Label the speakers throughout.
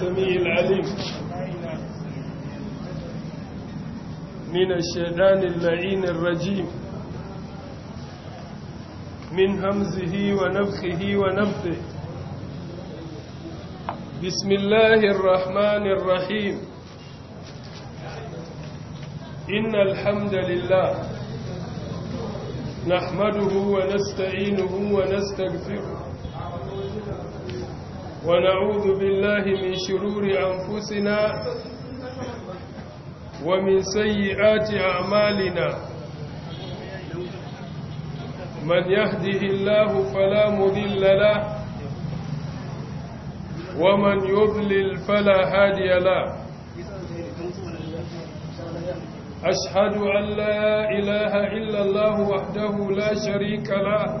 Speaker 1: السميع العليم من الشيطان اللعين الرجيم من همزه ونفخه ونفثه بسم الله الرحمن الرحيم إن الحمد لله نحمده ونستعينه ونستغفره ونعوذ بالله من شرور أنفسنا ومن سيئات أعمالنا من يهده الله فلا مذل له ومن يضلل فلا هادي له أشهد أن لا إله إلا الله وحده لا شريك له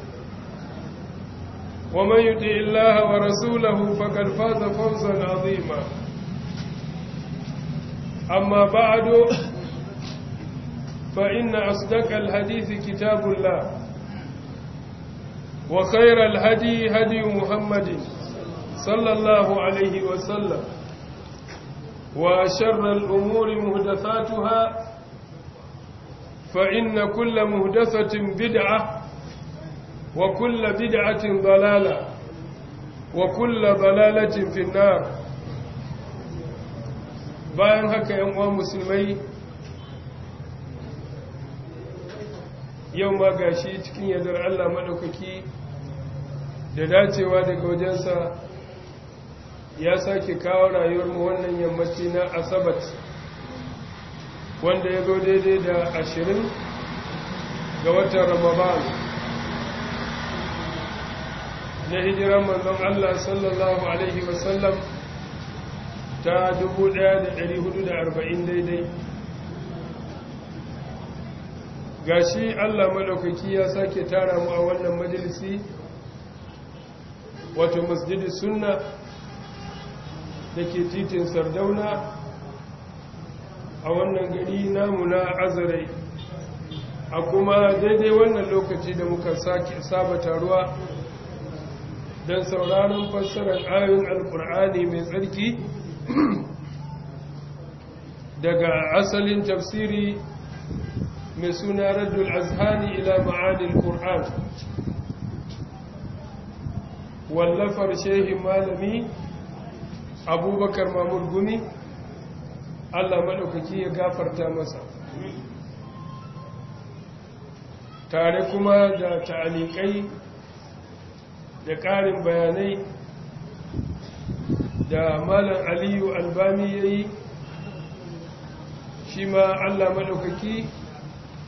Speaker 1: ومن يطع الله ورسوله فقد فاز فوزا عظيما أما بعد فإن أصدق الحديث كتاب الله وخير الهدي هدي محمد صلى الله عليه وسلم وشر الأمور مهدثاتها فإن كل مهدثة بدعة وكل بدعة ضلالة وكل ضلالة في النار bayan haka yan uwan musulmai yau ma gashi cikin yadar Allah madaukaki da dacewa daga wajensa ya sake kawo rayuwar mu wannan yammaci na asabat wanda ya zo daidai da ashirin ga watan ramadan na hijiran manzon Allah sallallahu alaihi wasallam ta 1440 daidai gashi Allah madaukaki ya sake tara mu a wannan majalisi wato masjidi sunna da ke titin sardauna a wannan gari namu na azurai a kuma daidai wannan lokaci da muka sabata ruwa don sauraron fassarar ayoyin alkur'ani mai tsarki daga asalin tafsiri mai suna raddul azhani ila ma'anin qur'an wallafar shehin malami abubakar mamud gumi allah maɗaukaki ya gafarta masa tare kuma da ta'alikai da ƙarin bayanai da malam aliyu albami ya yi shi ma allah maɗaukaki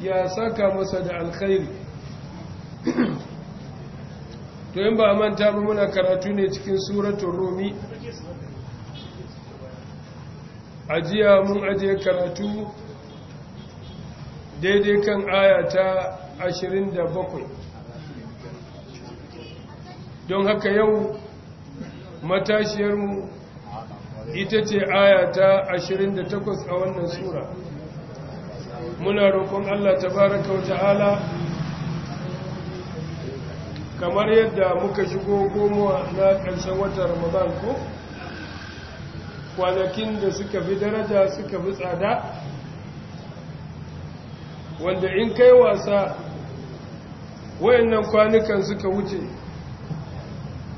Speaker 1: ya saka masa da alkhairi to yin ba manta ba muna karatu ne cikin suratun rumi ajiya mun ajiye karatu daidai kan aya ta 27 don haka yau matashiyarmu ita ce ayata ashirin da 28 a wannan sura muna roƙon Allah ta tabaraka wa ta'ala kamar yadda muka shigo gomowa na ƙarshen wata ramadan ko kwanakin da suka fi daraja suka fi tsada wanda in kai wasa wayannan kwanukan suka wuce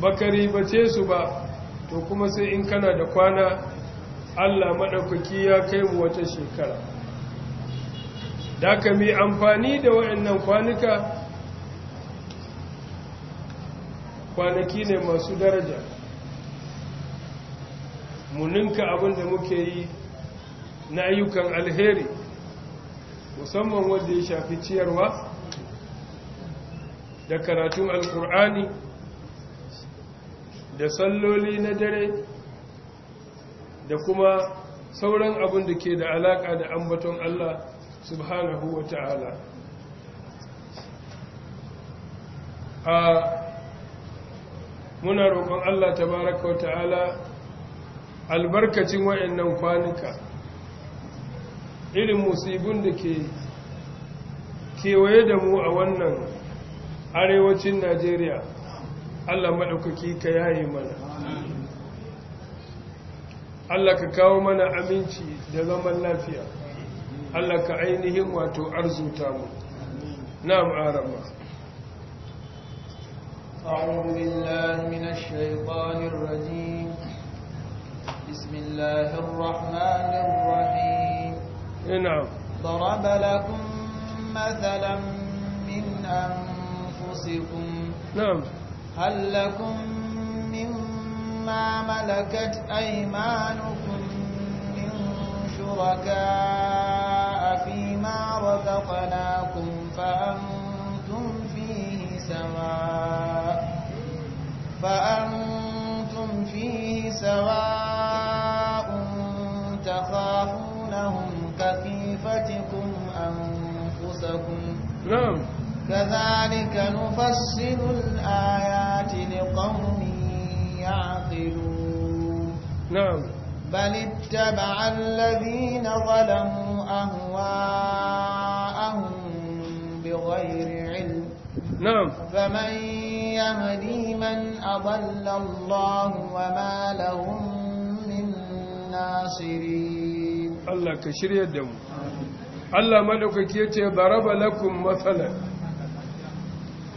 Speaker 1: bakari ba ce su ba to kuma sai in kana da kwana Allah maɗaukaki ya kai mu wata shekara da ka mi amfani da waɗannan kwanuka kwanaki ne masu daraja muninka abin da muke yi na ayyukan alheri musamman wanda ya shafi ciyarwa da karatun alkur'ani da salloli na dare da kuma sauran abin da ke da alaƙa da ambaton Allah subhanahu wa ta'ala a muna roƙon Allah tabaraka wa ta'ala albarkacin wa'annan kwanuka irin musibin da ke kewaye da mu a wannan arewacin Najeriya Allah maɗaukaki ka yaye mana Allah ka kawo mana aminci da zaman lafiya Allah ka ainihin wato arzuta mu na'am
Speaker 2: arama أعوذ بالله من الشيطان الرجيم بسم الله الرحمن الرحيم نعم ضرب لكم مثلا من أنفسكم نعم هل لكم مما ملكت أيمانكم من شركاء فيما رزقناكم فأنتم فيه سواء فأنتم فيه سواء تخافونهم كخيفتكم أنفسكم نعم كذلك نفصل الآيات نعم بل اتبع الذين ظلموا أهواءهم بغير علم نعم فمن يهدي من أضل الله وما لهم من ناصرين الله
Speaker 1: كشير يدهم Allah madaukaki ya ce baraba lakum matsala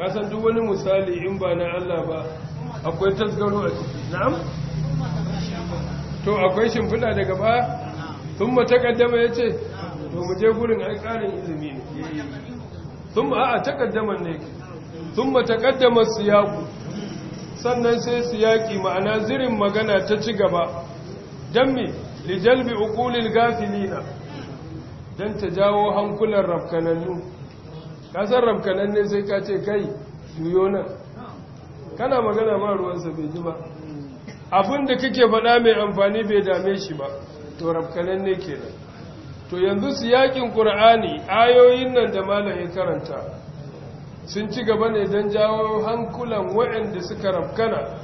Speaker 1: kasan duk wani misali in ba na Allah ba akwai tasgaro a ciki na'am to akwai shimfiɗa daga baya sun ma takaddama ya ce to mu je gurin ai ƙarin ilimi ne sun ma a takaddaman ne sun ma takaddama siyaku sannan sai siyaki ma'ana zirin magana ta ci gaba don mi lijalbi ukulil gafilina don ta jawo hankulan rafkanannu kasar rafkananne sai ka ce kai juyo nan kana magana ma ruwansa bai ji ba abin da kake faɗa mai amfani bai dame shi ba to rafkanan ne ke nan to yanzu su yakin ƙur'ani ayoyin nan da malam ya karanta sun ci gaba ne don jawo hankulan waɗanda suka rafkana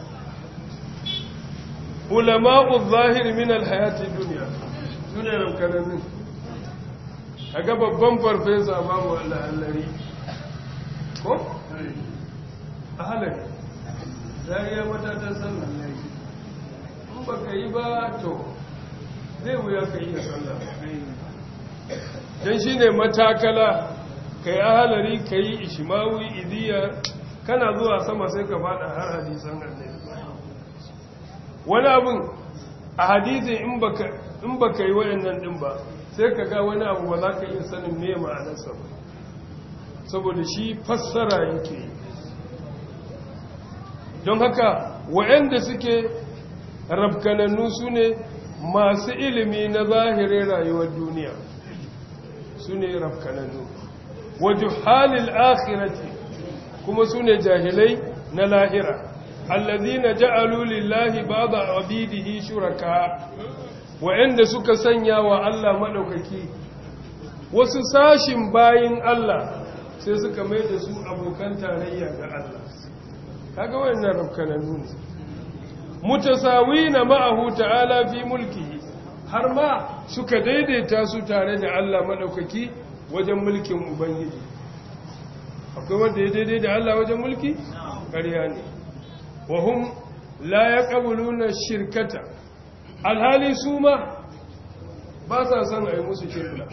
Speaker 1: ulama'u zahir min alhayati duniya su ne nan a ga babban farfesa babu allah allari ko? a halari zariya matatan sannan ba ka yi ba to zai wuya ka yi sallah don shi ne matakala ka yi ahalari ka yi ishimawi idiya kana zuwa sama sai ka fada har hadisan annabi wani abin a hadisi in ba ka yi waɗannan ɗin ba sai ka ga wani abu ba za ka yi sanin me ma'anarsa ba saboda shi fassara yake don haka waɗanda suke rafkanannu su ne masu ilimi na zahirin rayuwar duniya su ne rafkanannu wajen halil akhirati kuma su ne jahilai na lahira allazina ja'alu lillahi ba'da abidihi shuraka wa'anda suka sanya wa Allah madaukaki wasu sashin bayin Allah sai suka mai da su abokan tarayya ga Allah kaga wannan rafkanannu ne mutasawina ma'ahu ta'ala fi mulkihi har ma suka daidaita su tare da Allah madaukaki wajen mulkin ubangiji akwai wanda ya daidai da Allah wajen mulki ƙarya ne wa hum la yaqbuluna shirkata alhali su ma ba sa son yi musu shirka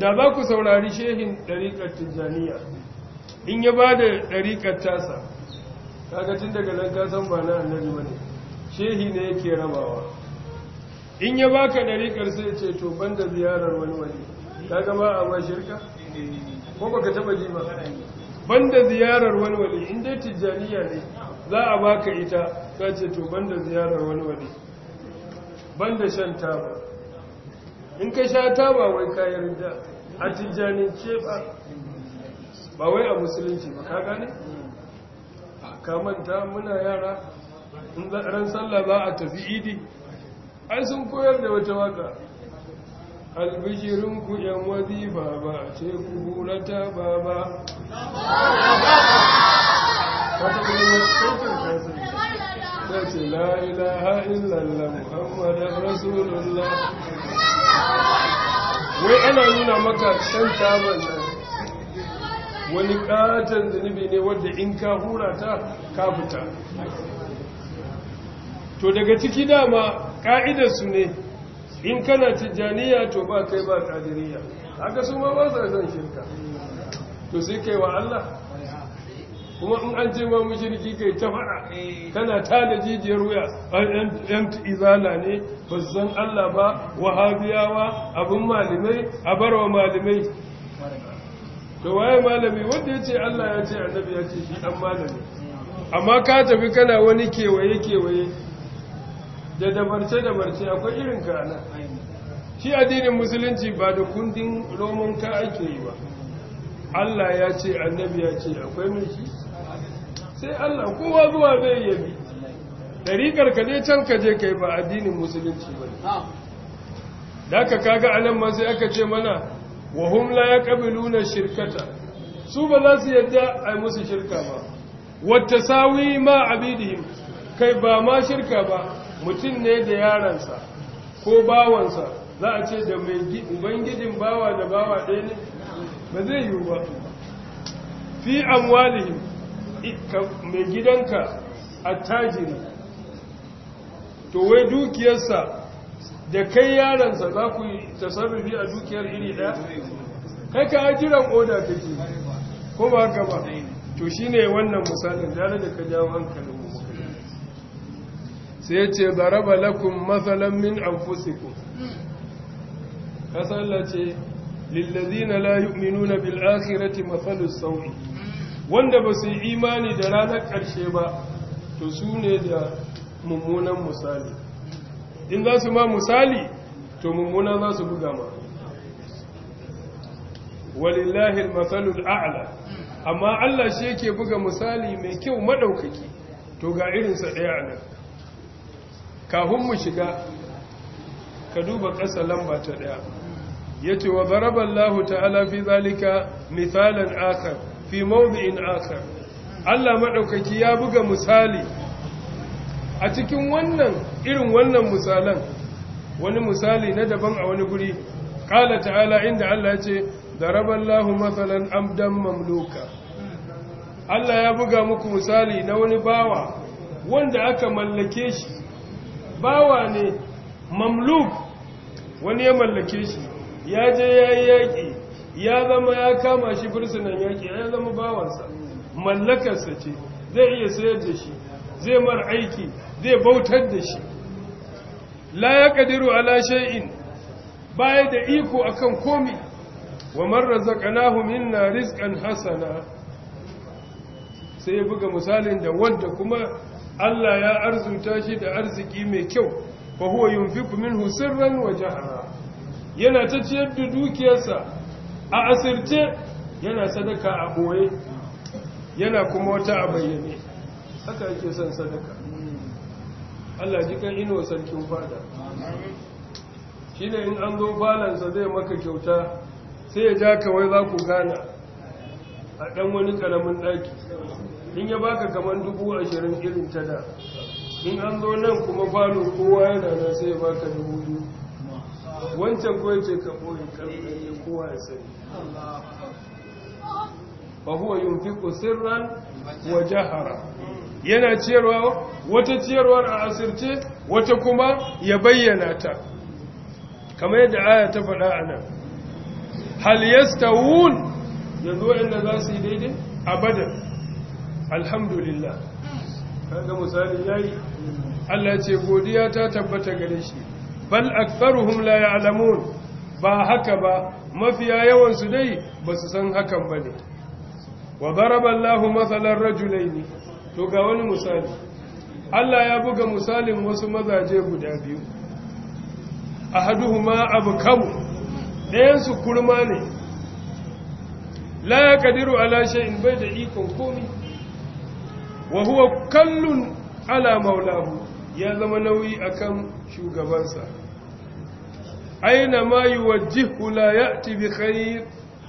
Speaker 1: da za ku saurari shehin ɗariƙar tijjaniya in ya ba da ɗariƙar tasa kaga tun daga nan ka san ba na annabi bane shehi ne yake rabawa in ya baka dariƙar sai ce to banda ziyarar wani wani, kaga ma a ma shirka ko baka taba ji ba banda ziyarar wani wani, in dai tijjaniya ne za a baka ita ka ce to banda ziyarar wani ban banda shan taba in ka sha taba wai kayan da a tijjanin ce ba ba wai a musulunci ba ka gane ka manta muna yara in ran sallah za a tafi idi ai sun koyar da wata waka albishirinku yan wazifa ba ce ku hulata ba ba ce la ilaha illallah muhammadin rasulullah wai ana nuna maka shan taban nan wani katon zunubi ne wadda in ka hura ta ka fita to daga ciki dama ka'idarsu ne in kana tijjaniya to ba kai ba kadiriya haka su ma ba sa zan shirka to sai kai wa Allah kuma in an ce ma mushriki kai ta faɗa? kana ta da jijiyar wuya an izala ne ba san Allah ba wahabiyawa abin malimai a barwa malimai to waye malami wanda ya ce Allah ya ce annabi ya ce shi dan malami amma ka tafi kana wani kewaye kewaye da dabarce dabarce akwai irin ka nan shi addinin musulunci ba da kundin roman ka ake yi ba Allah ya ce annabi ya ce akwai mai shi sai Allah kowa zuwa zai yabi dariƙar ka dai can ka je kai ba addinin musulunci ba ne da ka kaga anan ma sai aka ce mana wa hum la yaqbaluna shirkata su ba za su yadda ai musu shirka ba wata sawi ma abidihim kai ba ma shirka ba mutum ne da yaransa ko bawansa za a ce da mai ubangijin bawa da bawa ɗaya ne ba zai yi ba fi amwalihim mai gidanka attajiri to wai dukiyarsa da kai yaransa za ku yi tasarrufi a dukiyar iri ɗaya kai ka ajira koda kake ko ba ka ba to shine wannan misalin da da ka jawo hankalin mu sai ya ce daraba lakum mathalan min anfusikum ce lillazina la yu'minuna bil akhirati mathalu sawi wanda ba su yi imani da ranar ƙarshe ba to su ne da mummunan misali in za su ma misali to mummuna za su buga ma walillahi al-masalul a'la amma Allah shi yake buga misali mai kyau madaukaki to ga irinsa ɗaya nan kafin mu shiga ka duba ƙasa lamba ta ɗaya Yace wa zaraba Allah ta'ala fi zalika misalan akar fi mawdi'in akar Allah madaukaki ya buga misali a cikin wannan irin wannan misalan wani misali na daban a wani guri ƙala ta'ala inda Allah ce daraballahu mathalan amdan mamluka Allah ya buga muku misali na wani bawa wanda aka mallake shi bawa ne mamluk wani ya mallake shi ya je ya yi yaƙi ya zama ya kama shi fursunan yaki ya zama bawansa mallakarsa ce zai iya sayar da shi zai mar aiki zai bautar da shi la ya kadiru ala shay'in baya da iko akan komi wa man razaqnahu minna rizqan hasana sai ya buga misalin da wanda kuma Allah ya arzuta shi da arziki mai kyau fa huwa yunfiqu minhu sirran wa jahra yana ta ciyar da dukiyarsa a asirce yana sadaka a boye yana kuma wata a haka yake son sadaka Allah ji kan ino sarkin fada shi ne in an zo falansa zai maka kyauta sai ya ja kawai za ku gana a ɗan wani ƙaramin ɗaki in ya baka kamar dubu ashirin irin ta da in an zo nan kuma falo kowa yana na sai ya baka dubu biyu wancan kawai ce ka ɓoye ƙarfi kowa ya sani fa huwa yunfiqu sirran wa jahara yana ciyarwa wata ciyarwar a asirce wata kuma ya bayyana ta kamar yadda aya ta faɗa a nan hal yastawun yanzu waɗanda za su yi daidai abadan alhamdulillah kaga misali yi. Allah ce godiya ta tabbata gare shi bal aktharuhum la ya'lamun ba haka ba mafiya yawan su dai basu san hakan ba wa daraba Allahu mathalan rajulaini to ga wani misali Allah ya buga misalin wasu mazaje guda biyu ahaduhuma abkamu dayan su kurma ne la yaqdiru ala shay'in bai da ikon komai wa huwa kallun ala maulahu ya zama nauyi akan shugabansa aina ma yuwajjihu la ya'ti bi khair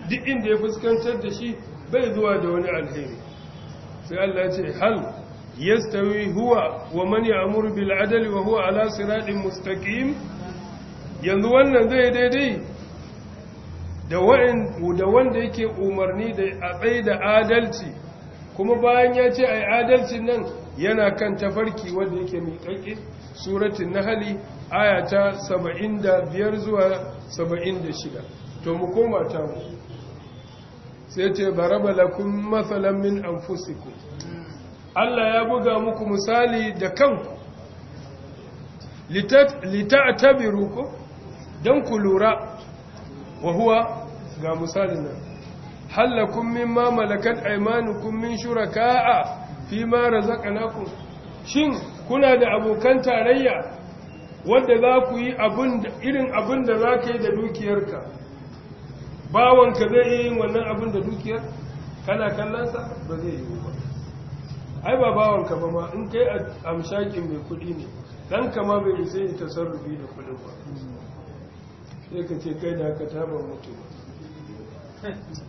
Speaker 1: duk inda ya fuskantar da shi bai zuwa da wani alheri sai Allah ce hal yastawi huwa wa man ya'muru bil adli wa huwa ala siratin mustaqim yanzu wannan zai daidai da da wanda yake umarni da a tsaida da adalci kuma bayan ya ce ai adalcin nan yana kan tafarki wanda yake miƙaƙƙe suratul nahli aya ta 75 zuwa 76 to mu koma ta mu sai ce baraba lakum mathalan min anfusikum Allah ya buga muku misali da kanku lita'tabiru ko dan ku lura wa huwa ga misalin nan halakum mimma malakat aymanukum min shuraka'a fi ma razaqnakum shin kuna da abokan tarayya wanda za ku yi irin abin da za ka yi da dukiyarka bawanka zai iya yin wannan abin da dukiyar kana kallonsa ba zai yi ba ai ba bawanka ba ma in kai amshakin mai kuɗi ne dan kama bai sai ta tasarrufi da kuɗin ba sai ka ce kai da ka taba mutu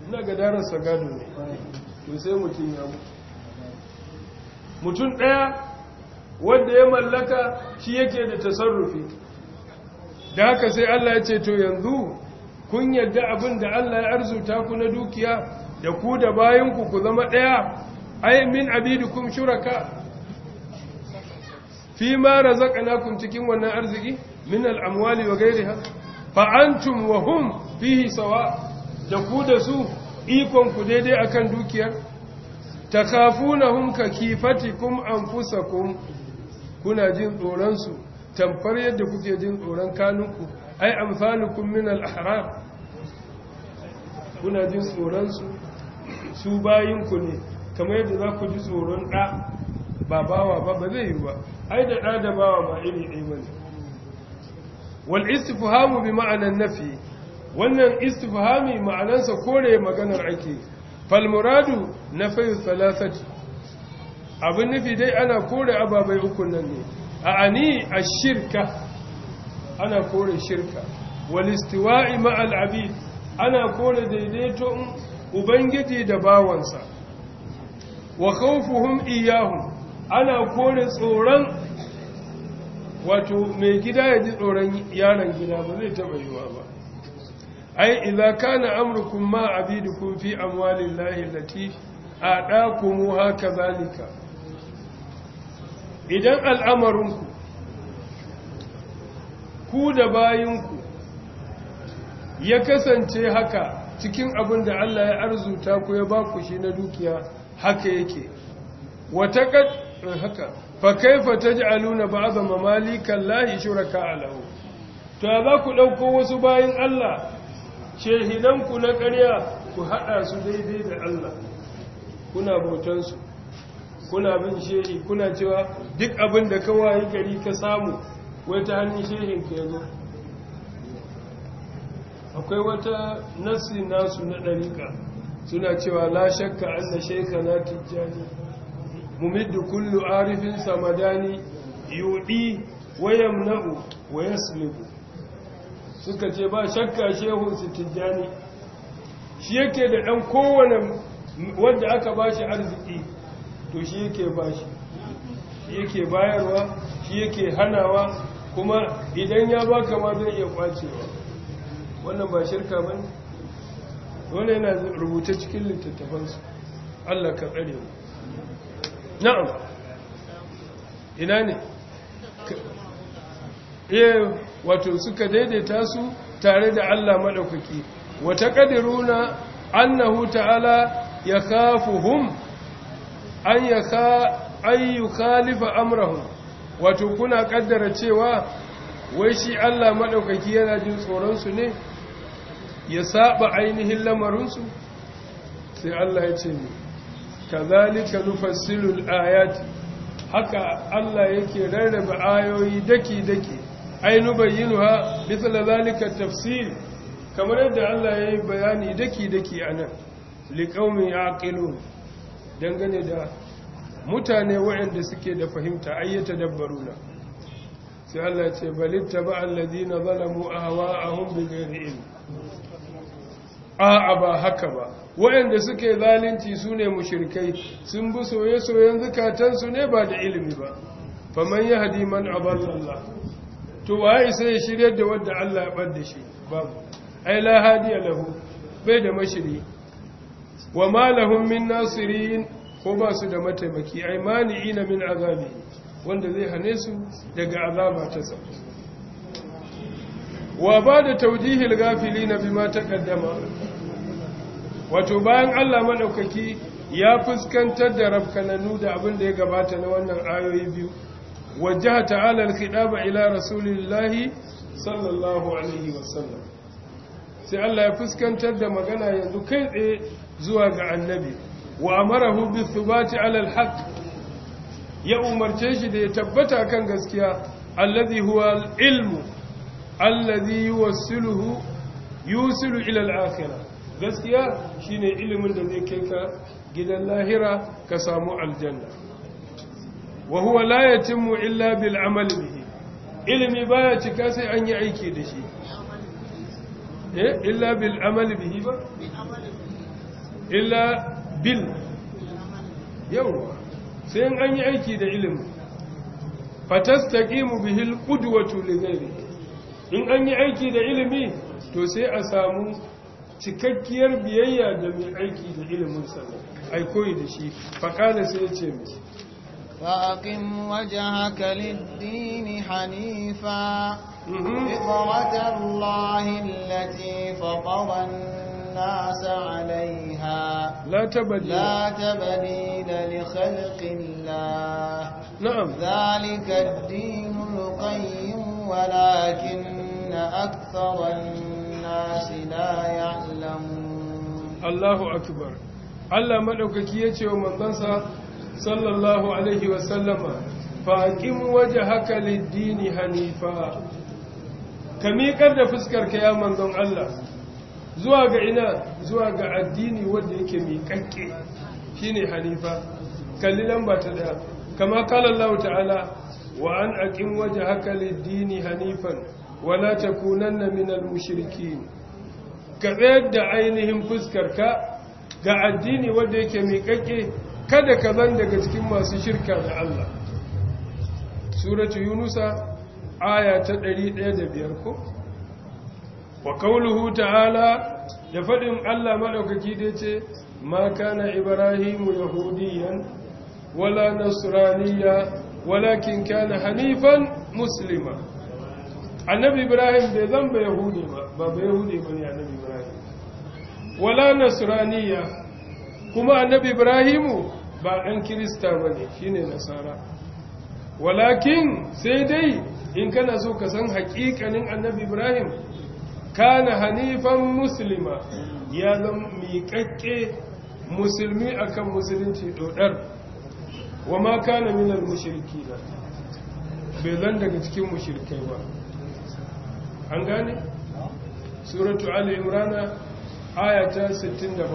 Speaker 1: ina ga darasa gado ne to sai mutum ya mutu mutum ɗaya wanda ya mallaka shi yake da tasarrufi da haka sai Allah ya ce to yanzu kun yarda abin da Allah ya arzuta ku na dukiya da ku da bayanku ku zama ɗaya ai min abidukum shuraka fi ma razaqnakum cikin wannan arziki min al-amwali wa ghayriha fa antum wa hum fihi sawa da ku da su ikon ku daidai akan dukiyar takafunahum ka kifatikum anfusakum kuna jin tsoron su tamfar yadda kuke jin tsoron kanunku ai amsalukum min al-ahram kuna jin tsoron su su ku ne kamar yadda za ku ji tsoron da ba bawa ba ba zai yi ba ai da da da bawa ma iri ɗaya bane wal istifhamu bi ma'anan nafi wannan istifhami ma'anansa kore maganar ake Falmuradu na nafi abin nufi dai ana kore ababai uku nan a ashirka ana kore shirka walistiwa'i ma'al abid ana kore daidaito ubangiji da bawansa wa khawfuhum iyyahu ana kore tsoron wato mai gida ya ji tsoron yaron gida ba zai taba yiwa ba ai idza kana amrukum ma abidukum fi amwalillahi a adakum haka zalika idan al'amarinku ku da bayinku ya kasance haka cikin abin da Allah ya arzuta ku ya ba ku shi na dukiya haka yake wata eh, haka fa kaifa taj'aluna ba'd mamalikan lahi shuraka alahu to za ku dauko wasu bayin Allah shehidan ku na ƙarya ku hada su daidai da Allah kuna bautan kuna bin shehi kuna cewa duk abin da kawai gari ka samu wai ta hannun shehin ka yanzu akwai wata nasi nasu na ɗarika suna cewa la shakka an na sheka na tijjani mumiddu kullu arifin samadani yuɗi wayan na'u wayan sulubu suka ce ba shakka su tijjani shi yake da ɗan kowane wanda aka ba shi arziki to shi yake ba shi shi yake bayarwa shi yake hanawa kuma idan ya baka ma zai iya kwacewa wannan ba shirka ba ne wani yana rubuta cikin littattafansu allah ka tsare mu na'am ina ne iya eh, wato suka daidaita su tare da allah maɗaukaki wata ƙadiruna annahu ta'ala ya kafuhum an yi khalifa amrahum wato kuna kaddara cewa wai shi Allah maɗaukaki yana jin tsoronsu ne ya saba ainihin lamarinsu sai Allah ya ce ni kazalika nufassilu alayat haka Allah yake rarraba ayoyi daki-daki ainu bayyinuha mithla zalika tafsir kamar yadda Allah ya yi bayani daki-daki anan liqaumin yaqilun dangane da mutane waɗanda suke da fahimta ayyata na. sai Allah ce balitta ba alladina zalamu ahwa'ahum bighairi ilm a'a ba haka ba waɗanda suke zalunci sune mushrikai sun bi soye-soyen zukatansu ne ba da ilimi ba faman yahdi man aballa to waye sai ya shirya da wanda Allah ya da shi babu ai la hadiya lahu bai da mashiri wa ma lahum min nasirin ko ba su da mataimaki ai ina min azabi wanda zai hane su daga azaba ta sa wa ba da taujihil gafili gafilina bima kaddama wato bayan Allah madaukaki ya fuskantar da rabkananu da abin da ya gabata na wannan ayoyi biyu wajjaha ta'ala al-khidaba ila rasulillahi sallallahu alaihi wasallam sai Allah ya fuskantar da magana yanzu kai tsaye zuwa ga annabi wa amarahu bisubati alal haqq ya umarce shi da ya tabbata kan gaskiya Alladhi huwa al Alladhi allazi yuwassiluhu yusilu ila al-akhirah gaskiya shine ilimin da zai kai ka gidan lahira ka samu aljanna wa huwa la yatimmu illa bil amal bihi ilimi baya cika sai an yi aiki da shi eh illa bil amal bihi ba illa bil yawwa sai an yi aiki da ilimi fatastaqimu bihil qudwatu li ghayrihi in an yi aiki da ilimi to sai a samu cikakkiyar biyayya da mai aiki da ilimin sa ai koyi da shi faqala sai ya ce mi
Speaker 2: فأقم وجهك للدين حنيفا فطرة الله التي الناس عليها لا تبديل لا تبديل لخلق الله نعم ذلك الدين القيم ولكن أكثر الناس لا يعلمون الله أكبر Allah
Speaker 1: maɗaukaki ya ce wa manzansa sallallahu Alaihi wasallama faƙin waje haka liddini hanifa ka miƙar da fuskarka ya manzon Allah zuwa ga ina zuwa ga addini wanda yake miƙaƙƙe shine hanifa kalli lamba ta daya kama kala Allah ta'ala wa an aqim wajhaka lid-dini hanifan wa la takunanna al mushrikeen ka tsayar da ainihin fuskarka ga addini wanda yake miƙaƙƙe kada ka zan daga cikin masu shirka da Allah suratu yunusa aya ta 105 ko wa kauluhu ta'ala da faɗin Allah maɗaukaki da ce ma kana ibrahimu yahudiyan wala nasraniya walakin kana hanifan muslima annabi ibrahim bai zamba yahudi ba ba bai yahudi ba ne annabi ibrahim wala nasraniya kuma annabi ibrahimu ba ɗan kirista ba ne shi ne nasara walakin sai dai in kana so ka san haƙiƙanin annabi ibrahim kana hanifan muslima ya zama miƙaƙƙe musulmi akan musulunci dodar wa ma kana minal mushriki bai zan daga cikin mushrikai ba an gane suratu ali imrana 67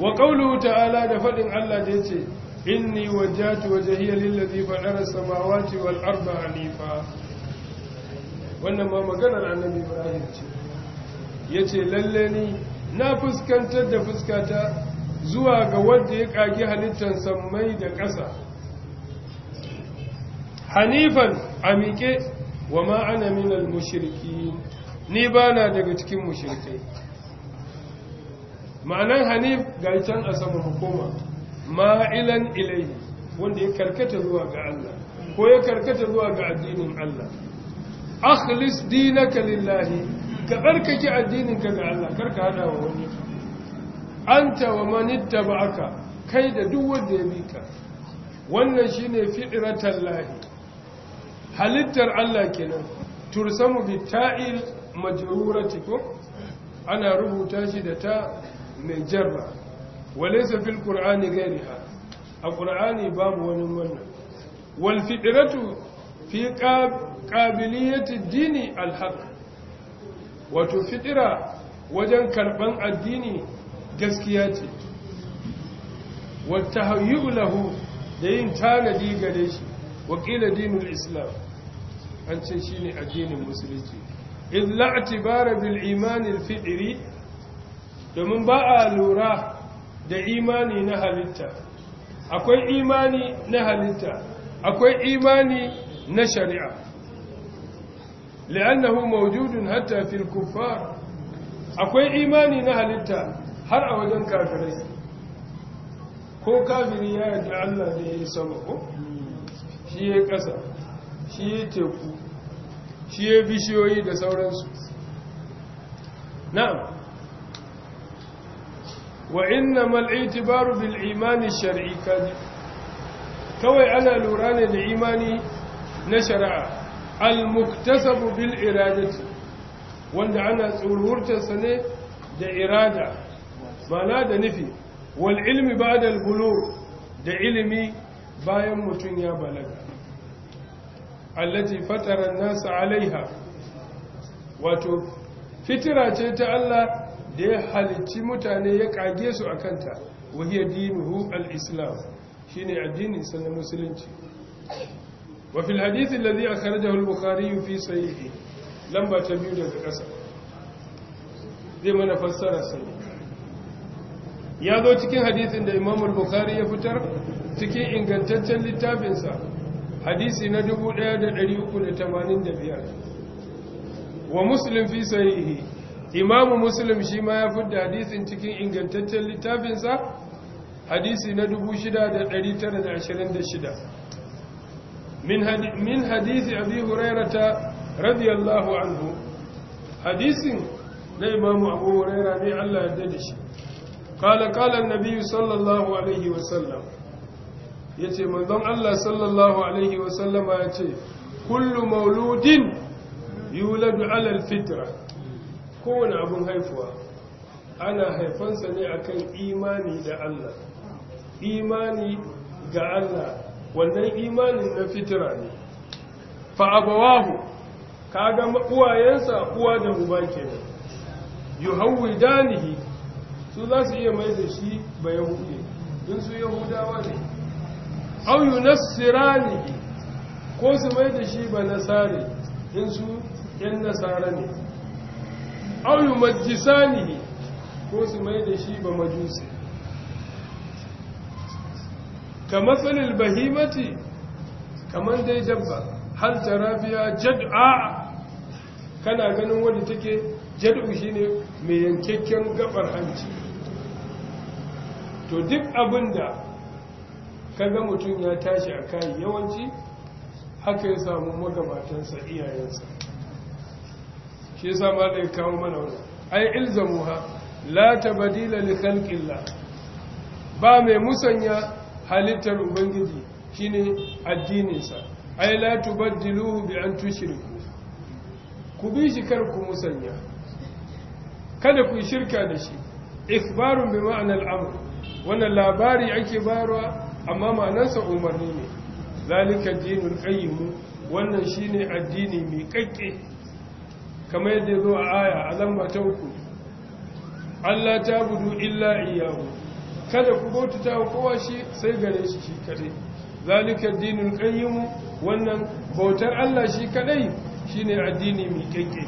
Speaker 1: wa qawluhu ta'ala da faɗin Allah da yace inni wajjatu wajhiya lillazi fatara samawati wal hanifa wannan ma maganar annabi ibrahim ce ya ce lalle ni na fuskantar da fuskata zuwa ga wanda ya ƙagi halittar sammai da ƙasa hanifan a miƙe wa ma'ana minal mushirki ni ba na daga cikin mushirkai ma'anan hanif ga can a sama hukuma ma'ilan ilai wanda ya karkata zuwa ga Allah ko ya karkata zuwa ga addinin Allah akhlis dinaka lillahi ka barkake ka ga Allah karka hada wa wani anta wa man ittaba'aka kai da duk wanda ya bi ka wannan shine fi'ratal lahi halittar Allah kenan tursamu bi ta'il majrurati ko ana rubuta shi da ta mai jarra walaysa fil qur'ani ghayriha a qur'ani babu wani wannan wal fi'ratu fi qab qabiliyati dini alhaq wato fitira wajen karban addini gaskiya ce wata hayyu lahu da yin tanadi gare shi wakila dinul islam an ce shi ne addinin musulunci illa atibara bil imanin fi'iri domin ba a lura da imani na halitta akwai imani na halitta akwai imani na shari'a li'annahu mawjudun hatta fil akwai imani na halitta har a wajen kafirai ko kafiri ya yarda Allah ne ya yi sama shi ya ƙasa shi ya teku shi ya bishiyoyi da sauransu na'am wa inna mal'itibaru kawai ana lura ne da imani na shari'a al-muktasabu bil iradati wanda ana tsururtarsa ne da irada mana da nufi wal ilmi ba da da ilimi bayan mutum ya balaga allati fatara an-nas wato fitira ce ta Allah da ya halicci mutane ya kage su kanta wahiyar dinuhu al-islam shine addinin sanin musulunci وفي الحديث الذي أخرجه البخاري في صحيحه لما تبيو daga ƙasa zai mana fassara sai ya zo cikin hadisin da Imam Bukhari ya fitar cikin ingantaccen littafinsa hadisi na 1385 wa Muslim fi sahihi Imam Muslim shi ma ya fitar hadisin cikin ingantaccen littafinsa hadisi na da 6926 min hadisi abi hurairata radiyallahu anhu hadisin na imamu abu huraira ne Allah ya da shi qala qala an sallallahu alaihi wa sallam yace manzon Allah sallallahu alaihi wa sallama yace kullu mauludin yuladu ala al-fitra kowane abun haifuwa ana haifansa ne akan imani da Allah imani ga Allah wannan imanin na fitira ne fa'abawahu kaga uwayensa uwa da uba nan. yuhawidanihi su za su iya mai da shi ba yahudi don su yahudawa ne au yunassiranihi ko su mai da shi ba nasare in su yan nasara ne au yumajjisanihi ko su mai da shi ba majusi kamatsalil bahimati kamar dai dabba hal tarafiya jad'a kana ganin wani take jad'u shine mai yankakken gabar hanci to duk abinda kaga mutum ya tashi a kayan yawanci haka ya samu magabatansa iyayensa shi ya samu da ya kawo mana wani ai ilzamuha la tabdila li ƙilla ba mai musanya halittar ubangiji shine addininsa ai la tubaddiluhu bi an tushriku ku bi shi kar ku musanya kada ku shirka da shi ikhbarun bi ma'anar amr wannan labari ake barwa amma ma'anarsa umarni ne zalika dinul qayyim wannan shine addini mai kakke kamar yadda zo a aya a lamba ta uku Allah ta budu illa iyahu kada ku bautata wa kowa shi sai gare shi shi kadai zalika dinul qayyim wannan bautar Allah shi kadai shine addini mai kike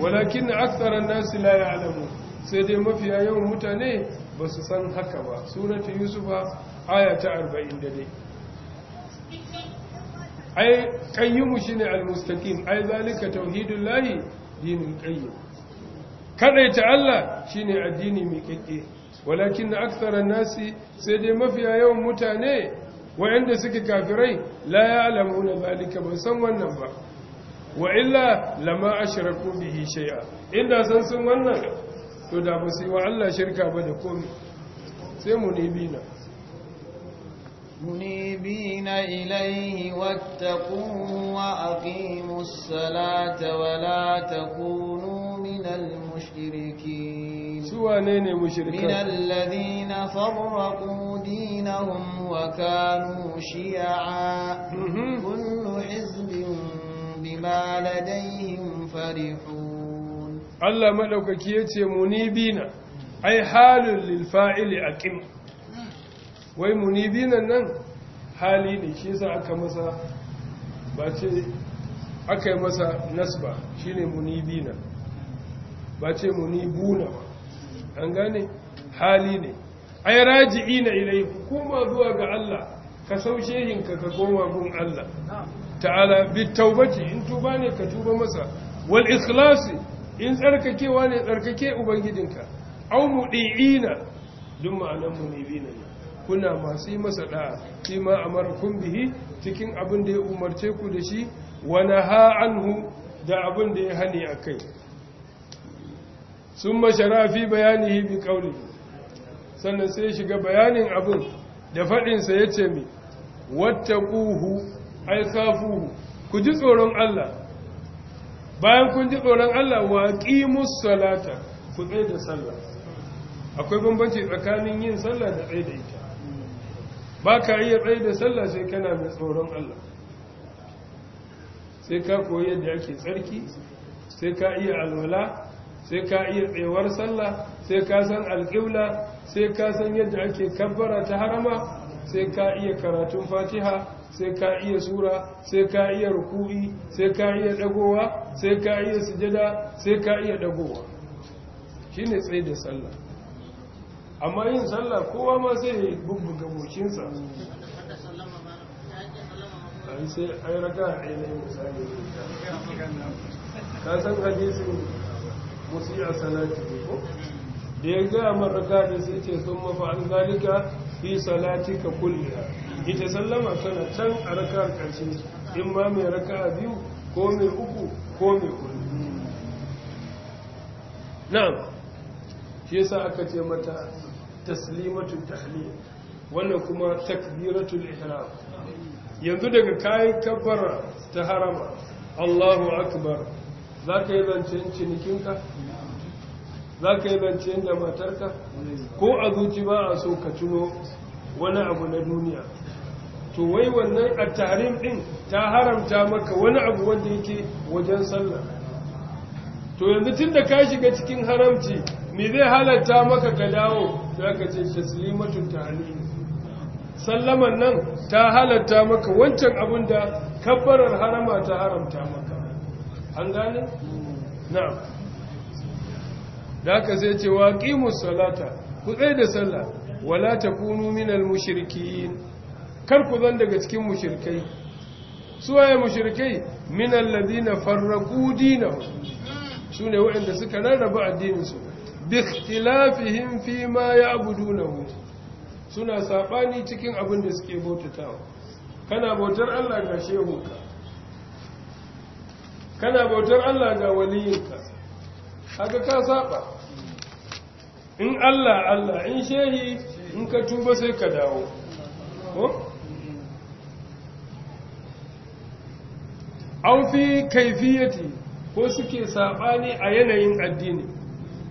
Speaker 1: walakin aktharan nas la ya'lamu sai dai mafiya yawan mutane ba su san haka ba suratu yusufa aya ta 40 dai ai qayyim shine almustaqim ai zalika tauhidul lahi dinul qayyim ta Allah shine addini mai kike walakin aktharan nasi sai dai mafiya yawan mutane wa'anda suke kafirai la ya'lamuna zalika ba san wannan ba wa illa lama ashraku bihi shay'a inda san sun wannan to da ba su wa Allah shirka ba da komai sai mu nibi na
Speaker 2: منيبين إليه واتقوه وأقيموا الصلاة ولا تكونوا من المشركين سوى نين مشركين من الذين فرقوا دينهم وكانوا شيعا كل حزب بما لديهم فرحون
Speaker 1: الله ملوكك يتي منيبين أي حال للفاعل أكم ومنيبين نن hali ne shi yasa aka masa ba ce aka yi masa nasba shine munibina ba ce mu ni buna ba an gane hali ne ai raji'ina ilai kuma zuwa ga Allah ka saushe yin ka goma gun Allah ta'ala bi taubati in tuba ne ka tuba masa wal ikhlasi in tsarkakewa ne tsarkake ubangijinka au mudiina duk ma'anan mu ne kuna masu yi masa da shi ma amarkun bihi cikin abin da ya umarce ku da shi wa naha anhu da abin da ya hani akai sun mashara fi bayani hibi kauli sannan sai shiga bayanin abin da faɗinsa ya ce mi wattaquhu ay khafuhu ku ji tsoron Allah bayan kun ji tsoron Allah wa qimus salata ku tsaye da sallah akwai bambanci tsakanin yin sallah da tsaye da ita ba ka iya tsaye da sallah sai kana mai tsoron Allah sai ka koyi yadda ake tsarki sai ka iya alwala sai ka iya tsewar sallah sai ka san alƙibla sai ka san yadda ake kabbara ta harama sai ka iya karatun fatiha sai ka iya sura sai ka iya ruku'i sai ka iya dagowa sai ka iya sujada sai ka iya dagowa shine tsaye da sallah amma yin sallah kowa ma sai ya bubbuga bokinsa sai ai a ainihin misali ka san hadisin musi'a salati ko da ya ga man raka'a sai ce sun mafa an zalika fi salatika kulliha ita sallama tana can a rakar karshe in ma mai raka'a biyu ko mai uku ko mai kulli na'am shi yasa aka ce mata taslimatul tahlil wannan kuma takbiratul ihram yanzu daga kayan kabbara ta harama Allahu akbar za ka yi zancen cinikinka za ka yi zancen da matarka ko a zuci ba a so ka tuno wani abu na duniya to wai wannan a tarin din ta haramta maka wani abu wanda yake wajen sallah to yanzu tun da ka shiga cikin haramci me zai halatta maka ka dawo za ka ce taslimatun tahlil sallaman nan ta halatta maka wancan abin da kabbarar harama ta haramta maka an gane na'am da aka zai ce wa ƙimus salata ku tsaye da sallah wala ta kunu minal mushrikin kar ku zan daga cikin mushrikai suwaye mushrikai minal ladina farraqu dinahum ne waɗanda suka rarraba su. bi ikhtilafihim fi ma ya ya'budunahu suna saɓani cikin abin da suke bautatawa kana bautar Allah ga ka. kana bautar Allah ga waliyinka haka ka saba in Allah Allah in shehi in ka tuba sai ka dawo an fi kaifiyati ko suke saɓani a yanayin addini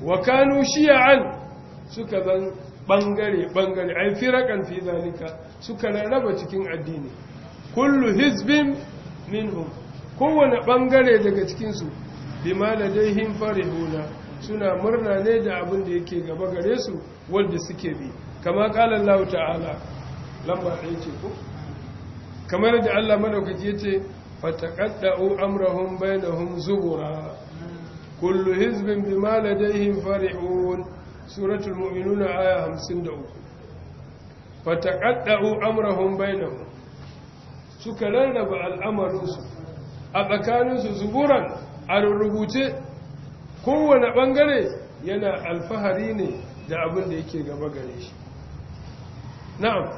Speaker 1: wa kanu shi'an suka zan ɓangare-ɓangare ai firakan fi zalika suka rarraba cikin addini kullu hizbin minhum kowane ɓangare daga cikinsu bima ladaihim farihuna suna murna ne da abin da yake gaba gare su wanda suke bi kama kalan lahu ta'ala lamba ɗaya ce ko kamar da Allah madaukaki ya ce fataqadda'u amrahum bainahum zubura kullu hizbin bima ladaihim farihun suratul mu'minun aya 53 fataqadda'u amrahum bainahum suka rarraba al'amarin su. a tsakaninsu zuburan a rubuce kowane ɓangare yana alfahari ne da abin da yake gaba gare shi na'am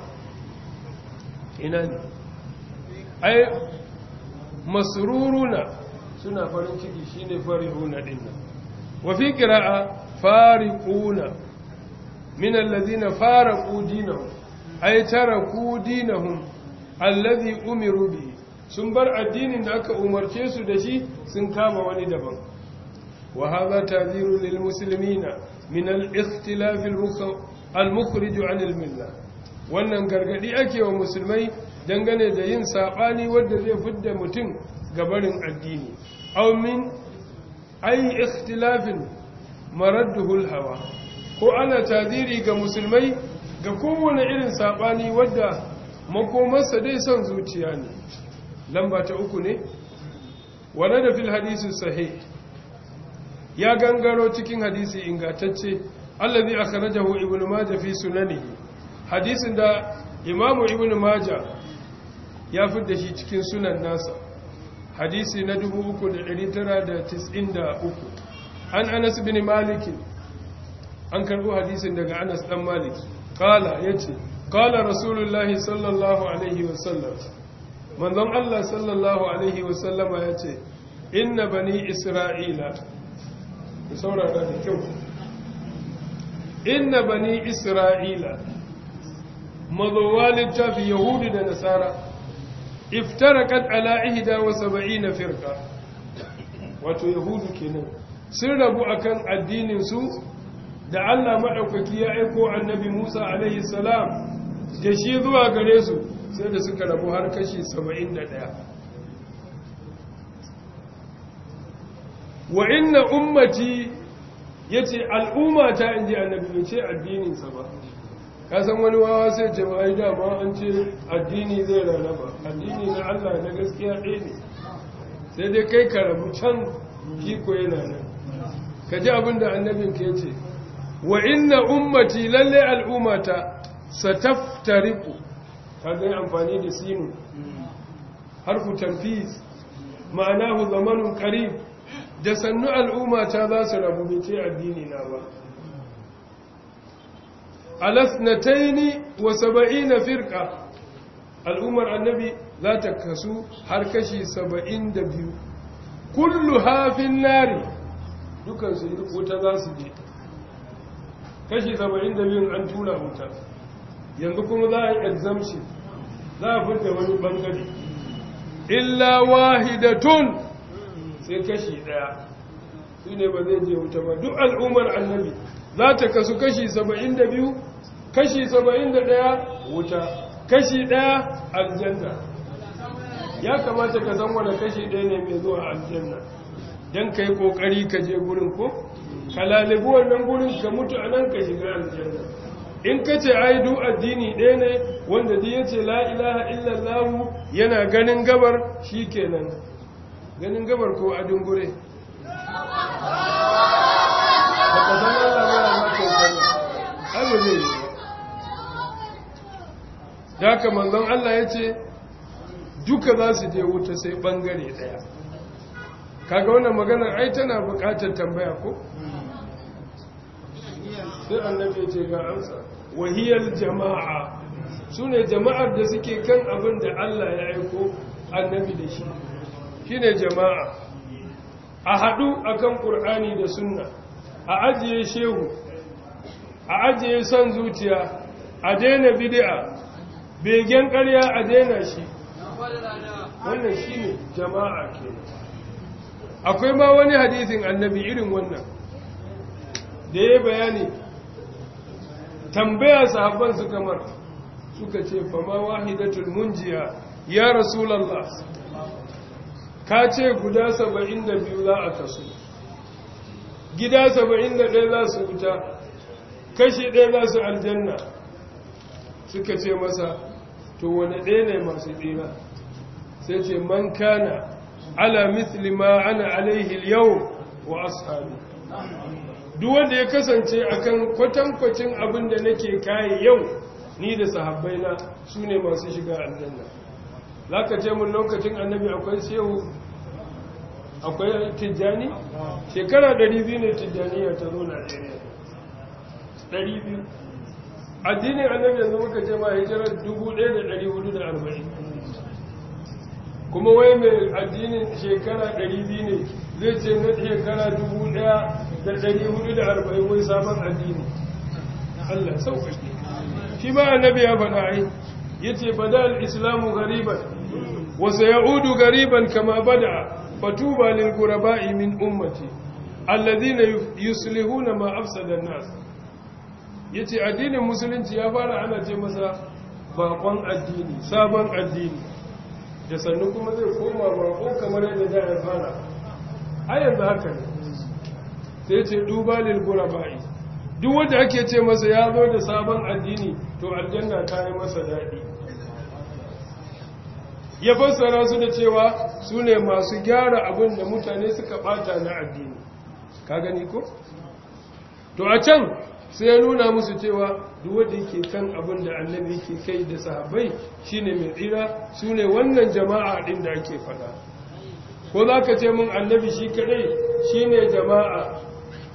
Speaker 1: ina ne ai masruruna suna farin ciki shine farihuna dinnan wa fi qira'a fariquna min alladhina faraqu dinahum ay taraku dinahum alladhi umiru bi sun bar addinin da aka umarce su da shi sun kama wani daban wa hadha tadhiru lil muslimina min al ikhtilaf al mukhrij an al milla wannan gargadi ake wa musulmai dangane da yin sabani wanda zai fidda mutum barin addini aw min ay ikhtilaf maradduhu al hawa ko ana tadiri ga musulmai ga kowane irin sabani wadda makomarsa dai son zuciya ne lamba ta uku ne wane da fil hadisin sahih ya gangaro cikin hadisi ingantacce allazi akhrajahu ibnu majah fi sunanihi hadisin da imamu ibnu majah ya fidda shi cikin sunan nasa hadisi na 3993 an anas bin malik an karbo hadisin daga anas dan malik qala yace qala rasulullahi sallallahu alaihi wasallam manzon Allah sallallahu alaihi wasallama ya ce inna bani isra'ila ku saurara da kyau inna bani isra'ila mazowa littafi yahudu da nasara ala'ihi da ihda ba'i na firqa wato yahudu kenan sun rabu a kan addininsu da Allah maɗaukaki ya aiko annabi Musa alaihi salam da shi zuwa gare su sai da suka rabu har kashi 71 wa inna ummati yace al'umma ta inji annabi ce addinin sa ba ka san wani wawa sai ce ba an ce addini zai rarraba addini na Allah na gaskiya ɗaya ne sai dai kai ka rabu can kiko yana nan ka ji abin da annabin ke ce wa inna ummati lalle al'ummata sataftariku Ta zai amfani da sinu harfu ma'ana ma'anahu zamanun qarib da sannu al'umma ta za su rabu bai ce addini na ba alasnataini wa saba'ina firqa al'ummar annabi za ta kasu har kashi biyu kullu hafin Lari, dukan wuta za su je kashi 72 an tura wuta yanzu kuma za a yi exemption za a furta wani bangare illa wahidatun sai kashi daya su ne ba zai je wuta ba duk al'ummar annabi za ta kasu kashi 72 kashi 71 wuta kashi daya aljanna ya kamata ka san wani kashi daya ne mai zuwa aljanna don ka yi kokari ka je gurin ko ka lalibuwar nan gurin ka mutu a nan ka shiga aljanna in ka ce ai du addini ɗaya ne wanda duk ya ce la ilaha illallahu yana ganin gabar shi kenan ganin gabar ko a dungure da ka manzon Allah ya ce duka za su je wuta sai bangare daya kaga wannan maganar ai tana bukatar tambaya ko sai annabi ce ga amsa wahiyar jama'a su ne jama'ar da suke kan abin da Allah ya aiko annabi da shi shi ne jama'a a haɗu a kan ƙur'ani da sunna a ajiye shehu a ajiye son zuciya a daina bidi'a begen karya a daina shi wannan shi ne jama'a ke akwai ma wani hadisin annabi irin wannan da ya bayani tambaya sahabban su kamar suka ce fama wahidatul munjiya ya rasulallah ka ce guda 72 za a kasu gida 71 za su wuta kashi ɗaya za su aljanna suka ce masa to wane ɗaya ne masu ɗina sai ce man kana ala mislima ma ana alaihi yau wa ashabi duk wanda ya kasance akan kwatankwacin abin da nake kaye yau ni da sahabbaina su ne masu shiga aljanna za ka ce mun lokacin annabi akwai shehu akwai tijjani shekara 200 ne tijjani ya ta zo najeriya 200 addinin annabi yanzu muka ce ma hijirar 1440 kuma wai mai addinin shekara 200 ne zai ce na shekara 1000 da ɗari hudu da arba'in wai sabon addini Allah sauƙaƙe shi ma annabi ya faɗa ai ya ce bada al'islamu gariban wasu ya'udu gariban kama bada fatuba lil guraba'i min ummati alladhina na ma da an Ya yace addinin musulunci ya fara ana ce masa bakon addini sabon addini da sannu kuma zai koma bako kamar yadda da ya fara a yanzu haka ne sai ce duba lil gurabai duk wanda ake ce masa ya zo da sabon addini to aljanna ta yi masa daɗi ya fassara su da cewa su ne masu gyara abin da mutane suka bata na addini ka gani ko? to a can sai ya nuna musu cewa duk wanda yake kan abin da annabi yake kai da sahabbai shine mai tsira su ne wannan jama'a ɗin da ake faɗa ko za ka ce mun annabi shi kadai shine jama'a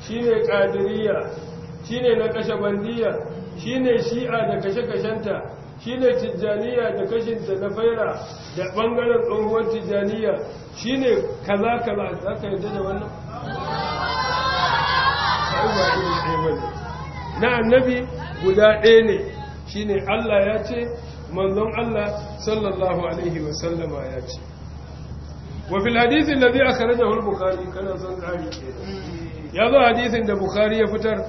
Speaker 1: Shi ne ƙadiriya shi ne na kashe bandiya ne shi'a da kashe-kashenta ne tijjaniya da kashinta na faira da bangaren tsohuwar tijjaniya shi kaza kaza za ka yadda da wannan na annabi guda ɗaya ne shi ne Allah ya ce manzon Allah sallallahu alaihi wa sallama ya ce wa fil hadisi a kare da hulbukari kana son kari kenan ya zo hadisin da bukhari ya fitar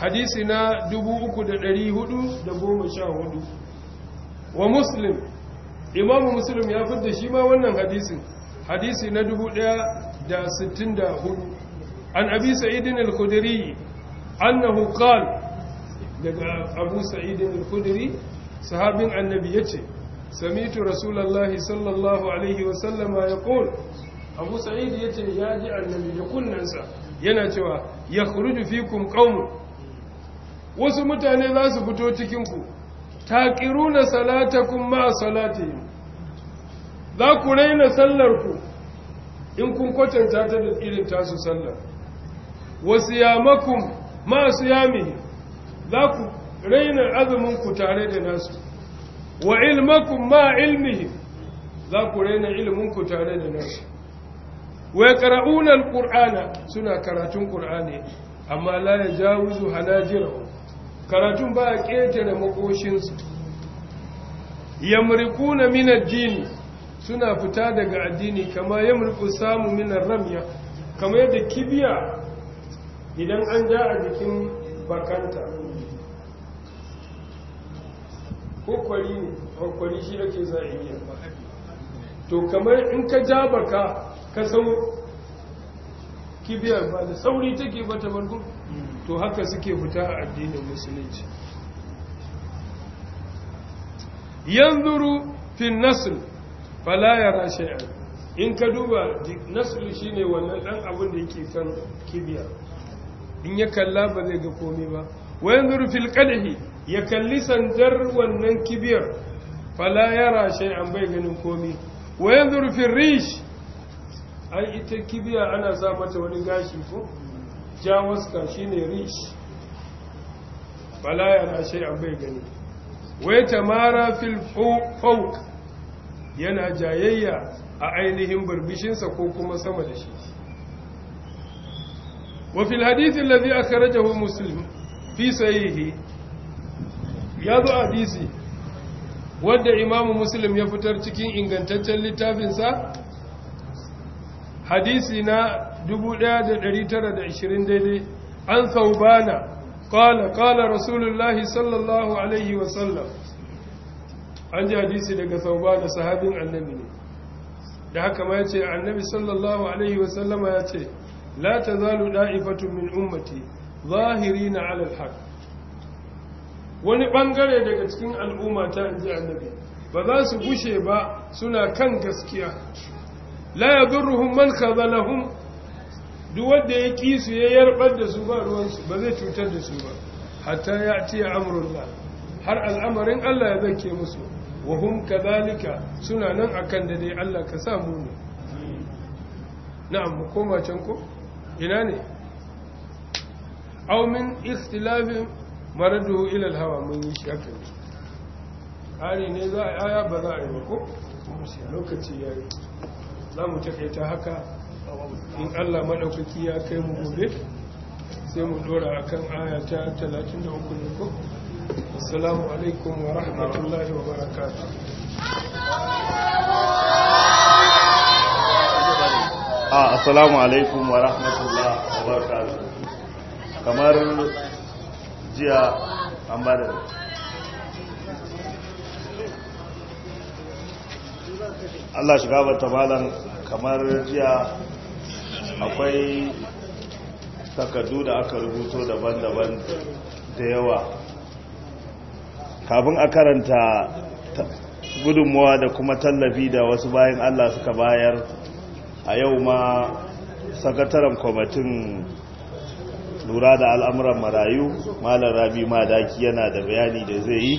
Speaker 1: hadisi na 3414 wa muslim imamu muslim ya fitar shi ma wannan hadisin hadisi na 1064 an abi sa'idin al-khudri annahu qala daga abu sa'idin al-khudri sahabin annabi yace samitu rasulullahi sallallahu alaihi wa wasallama yaqul abu sa'id yace ya ji annabi da kunnansa yana cewa ya khuruju fikum qaumun wasu mutane za su fito cikinku ta ƙiru na salata kun ma yi za ku raina sallar ku in kun kwatanta ta da irin tasu sallar wasu yamakun masu yami za ku raina azumin ku tare da nasu wa ilmakun ma ilmihim za ku raina ilmin ku tare da nasu wai qara'una qur'ana suna karatun qur'ani amma la yajawizu hanajirahu karatun ba ketare makoshin su yamriquna min ad-din suna fita daga addini kama yamriqu samu min ar-ramya kama yadda kibiya idan an ja a jikin bakanta ko kwari ne kwari shi yake za a iya to kamar in ka ja baka ka san kibiyar ba da sauri take ba ta bargun to haka suke fita a addinin musulunci yanzuru fi nasl fala ya shay'an in ka duba nasl shine wannan dan abin da yake kan kibiya in ya kalla ba zai ga komai ba wa yanzuru fil qadhi ya kalli sandar wannan kibiyar fala yara shay'an bai ganin komai wa yanzuru fil rish ai ita kibiya ana sa mata wani gashi ko jawaska shine rish na yana an bai gani wai tamara fil fawq yana jayayya a ainihin burbishinsa ko kuma sama da shi wa fil hadith alladhi akhrajahu muslim fi sahihi zo hadisi wanda imamu muslim ya fitar cikin ingantaccen littafinsa hadisi na 1920 daidai an saubana qala qala rasulullahi sallallahu alaihi wa sallam an ji hadisi daga saubana sahabin annabi ne da haka ma yace annabi sallallahu alaihi wa sallama yace la tazalu da'ifatu min ummati zahiri na alhaq wani bangare daga cikin al'umma ta inji annabi ba za su gushe ba suna kan gaskiya la yadurruhum man khazalahum duk wanda ya ki su ya yarbar da su ba ruwan su ba zai cutar da su ba hatta ya ci amrullah har al'amarin Allah ya zake musu wa hum kadhalika suna nan akan da dai Allah ka sa mu ne na'am koma can ko ina ne aw min ikhtilafin maradu ila al-hawa mun yi shakin kare ne za a aya ba za a yi ba ko lokaci yayi za mu ta haka in allah maɗaukaki ya kai mu gobe sai mu dora a aya ta 33 ne ko assalamu alaikum wa rahmatullahi wa barakatuh
Speaker 3: ah, assalamu alaikum wa rahmatullahi wa barakatu. kamar jiya an ba da Allah shiga bata malan kamar jiya akwai takardu da aka rubuto daban-daban da yawa kafin a karanta gudunmuwa da kuma tallafi da wasu bayan Allah suka bayar a yau ma sakataren kwamitin lura da al'amuran marayu malar rabi ma daki yana da bayani da zai yi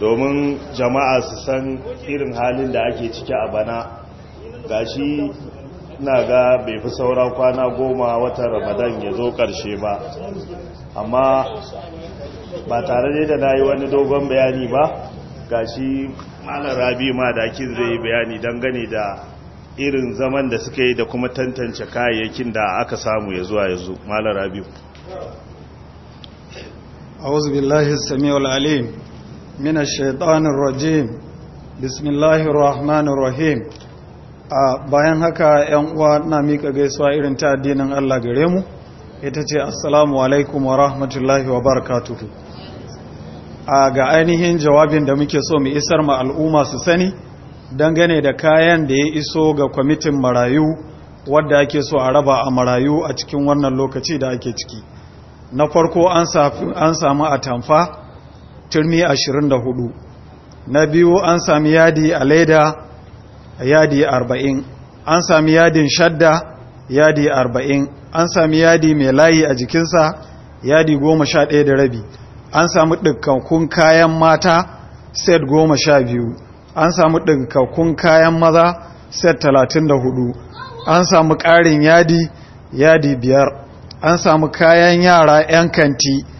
Speaker 3: domin jama'a su san irin halin da ake ciki a bana gashi na ga bai fi saura kwana goma watan ramadan ya zo karshe ba amma ba tare da na yi wani dogon bayani ba gashi malar rabi ma da kin zai bayani don gani da irin zaman da suka yi da kuma tantance kayayyakin da aka samu ya zuwa yanzu malar rabi
Speaker 4: wasu billahi السميع من الشيطان الرجيم بسم الله الرحمن الرحيم a bayan haka yan uwa na mika gaisuwa irin ta addinin Allah gare mu ita ce assalamu alaikum wa rahmatullahi wa barakatuhu a ga ainihin jawabin da muke so mu isar ma al'umma su sani dangane da kayan da ya iso ga kwamitin marayu wadda ake so a raba a marayu a cikin wannan lokaci da ake ciki na farko an samu atamfa turmi 24 na biyu an sami yadi a laida yadi arba'in an sami yadin shadda yadi arba'in an sami yadi mai layi a jikinsa yadi goma sha ɗaya da rabi an sami ɗinkakun kayan mata set biyu an sami ɗinkakun kayan maza set 34 an samu ƙarin yadi yadi biyar an samu kayan yara 'yan kanti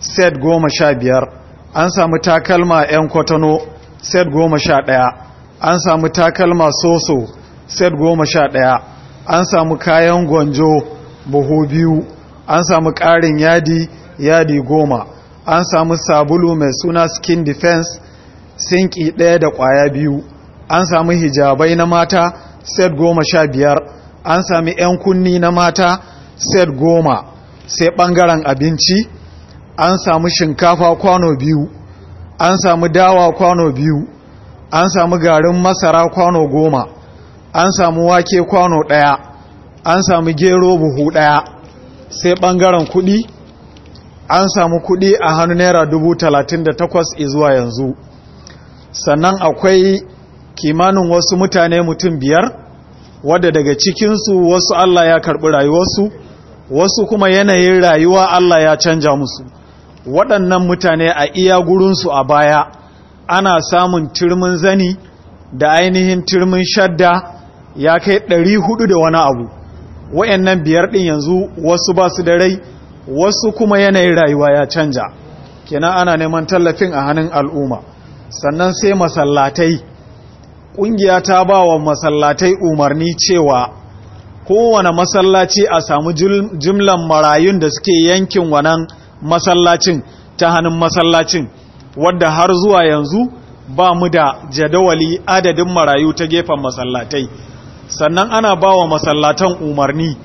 Speaker 4: set goma sha biyar an samu takalma 'yan kwatano set goma sha ɗaya an samu takalma soso set goma sha ɗaya an samu kayan gwanjo buhu biyu an samu ƙarin yadi yadi goma an samu sabulu mai suna skin defense sinki ɗaya da ƙwaya biyu an samu hijabai na mata set goma sha biyar an sami 'yan kunni na mata set goma sai ɓangaren abinci an samu shinkafa kwano biyu an samu dawa kwano biyu an samu garin masara kwano goma an samu wake kwano ɗaya an samu gero buhu ɗaya sai ɓangaren kuɗi an samu kuɗi a hannu naira dubu talatin da takwas zuwa yanzu sannan akwai kimanin wasu mutane mutum biyar wadda daga cikinsu wasu allah ya karɓi rayuwarsu wasu kuma yanayin rayuwa allah ya canja musu waɗannan mutane a iya gurinsu a baya ana samun turmin zani da ainihin turmin shadda ya kai ɗari hudu da wani abu wayannan biyar ɗin yanzu wasu ba su da rai wasu kuma yanayin rayuwa ya canja kenan ana neman tallafin a hannun al'umma sannan sai masallatai ƙungiya ta ba wa masallatai umarni cewa kowane masallaci a samu jumlan marayun da suke yankin wannan masallacin ta hannun masallacin wadda har zuwa yanzu ba mu da jadawali adadin marayu ta gefen masallatai sannan ana ba wa masallatan umarni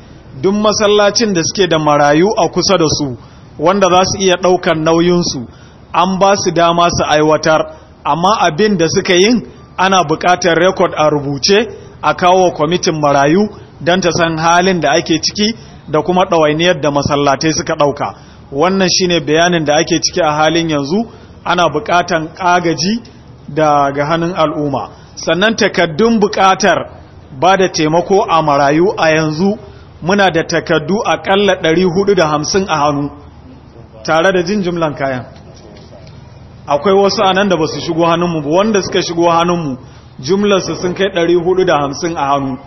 Speaker 4: duk masallacin da suke da marayu a kusa da su wanda za su iya ɗaukar nauyinsu an ba su dama su aiwatar amma abin da suka yin ana buƙatar rekod a rubuce a kawo kwamitin marayu don ta san halin da ake ciki da kuma ɗawainiyar da masallatai suka ɗauka wannan shine bayanin da ake ciki a halin yanzu ana buƙatan agaji daga hannun al'umma sannan takaddun bukatar ba da taimako a marayu a yanzu muna da takaddu aƙalla 450 a hannu tare da jin jimlan kayan akwai wasu anan da ba su shigo hannunmu ba wanda suka shigo hannunmu jumlarsu sun kai 450 a hannu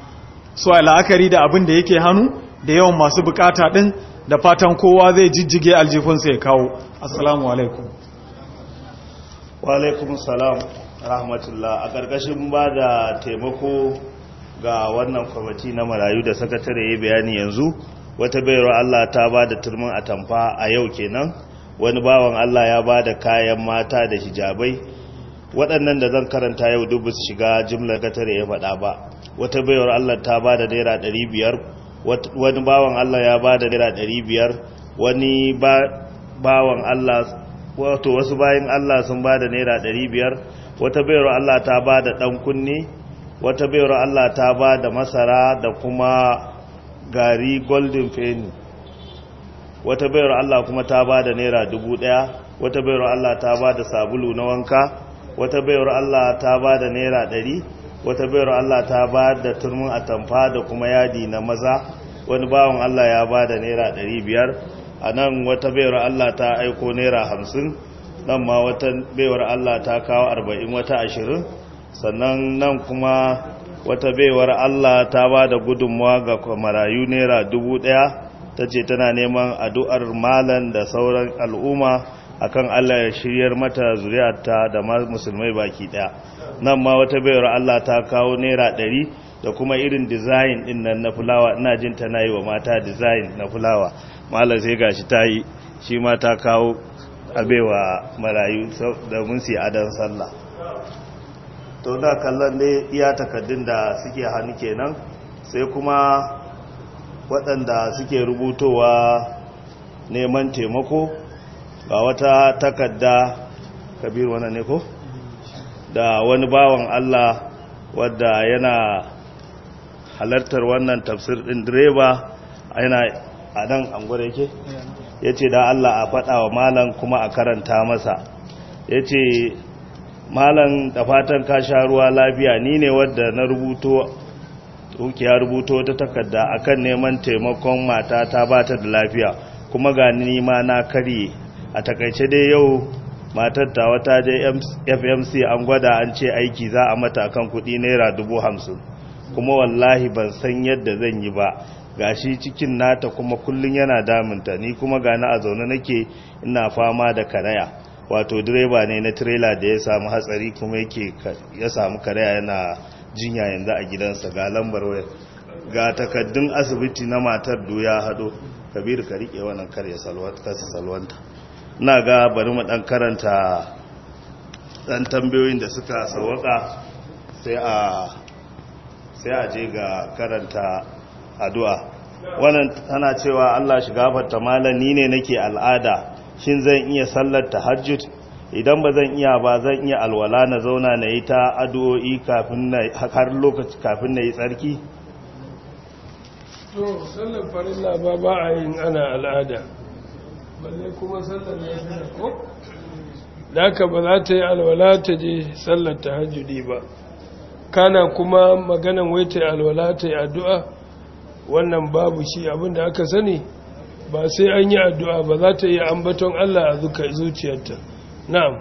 Speaker 4: so a la'akari da abin da yake hannu da yawan masu bukata ɗin da fatan kowa zai jijjige aljifinsa ya kawo assalamu alaikum
Speaker 3: alaikum salam rahmatullah a ƙarƙashin ba da taimako ga wannan kwamiti na marayu da sakatare ya bayani yanzu wata bayarwa allah ta ba da turmin atamfa a yau kenan wani bawan allah ya ba da kayan mata da hijabai waɗannan da zan karanta yau dubu su shiga jimlar katare ya faɗa ba wata baiwar allah ta ba da naira biyar. wani bawan Allah ya ba da naira ɗari biyar wani bawan Allah wato wasu bayan Allah sun ba da naira ɗari biyar wata bayar Allah ta ba da ɗan kunni wata bayar Allah ta ba da masara da kuma gari golden feni wata bayar Allah kuma ta ba da naira dubu ɗaya wata bayar Allah ta ba da sabulu na wanka wata bayar Allah ta ba da naira ɗari wata bayar Allah ta ba da turmin atamfa da kuma yadi na maza wani bawan Allah ya ba da naira ɗari biyar a nan wata bayar Allah ta aiko naira hamsin nan ma wata bayar Allah ta kawo arba'in wata ashirin sannan nan kuma wata baiwar Allah ta ba da gudunmuwa ga marayu naira dubu ɗaya ta ce tana neman addu'ar malan da sauran al'umma akan Allah ya shiryar mata zuriyarta da musulmai baki daya nan ma wata bayar Allah ta kawo naira ɗari da kuma irin design din nan na fulawa ina jin ta nayi wa mata design na fulawa mallam sai gashi ta yi shi ma ta kawo abewa marayu da mun si adan sallah to da kallon ne iya takaddun da suke hannu kenan sai kuma waɗanda suke rubutowa neman taimako ga wata takadda kabiru wannan ne ko da wani bawan Allah wadda yana halartar wannan tafsir din direba yana a nan angwar yake ya ce da Allah a faɗa wa malam kuma a karanta masa yace ce da fatan ka sha ruwa lafiya ni ne wadda na rubuto ya rubuto ta takarda akan neman taimakon mata ta bata da lafiya kuma ga ma na karye a takaice dai yau matar wata wata je fmc an gwada an ce aiki za a mata kan kudi naira dubu hamsin kuma wallahi ban san yadda zan yi ba gashi cikin nata kuma kullum yana damunta ni kuma gani a zaune nake ina fama da karaya wato direba ne na trailer da ya samu hatsari kuma yake ya samu karaya yana jinya yanzu a gidansa ga lambar waya ga takaddun asibiti na matar doya hado kabiru ka rike wannan kar ya salwanta na ga bari mu dan karanta dan tambayoyin da suka sauka sai a je ga karanta addu'a wannan tana cewa Allah shi gafarta ni ne nake al'ada shin zan iya sallar tahajjud idan ba zan iya ba zan iya alwala na zauna na yi ta addu'o'i har lokaci kafin na yi tsarki
Speaker 1: to sallar farilla ba ba a yin ana al'ada balle kuma sallar ya fi ko da aka ba za ta yi alwala ta je sallar ta hajjudi ba kana kuma maganan wai ta yi alwala ta yi addu'a wannan babu shi abinda aka sani ba sai an yi addu'a ba za ta iya ambaton Allah a zuciyarta na'am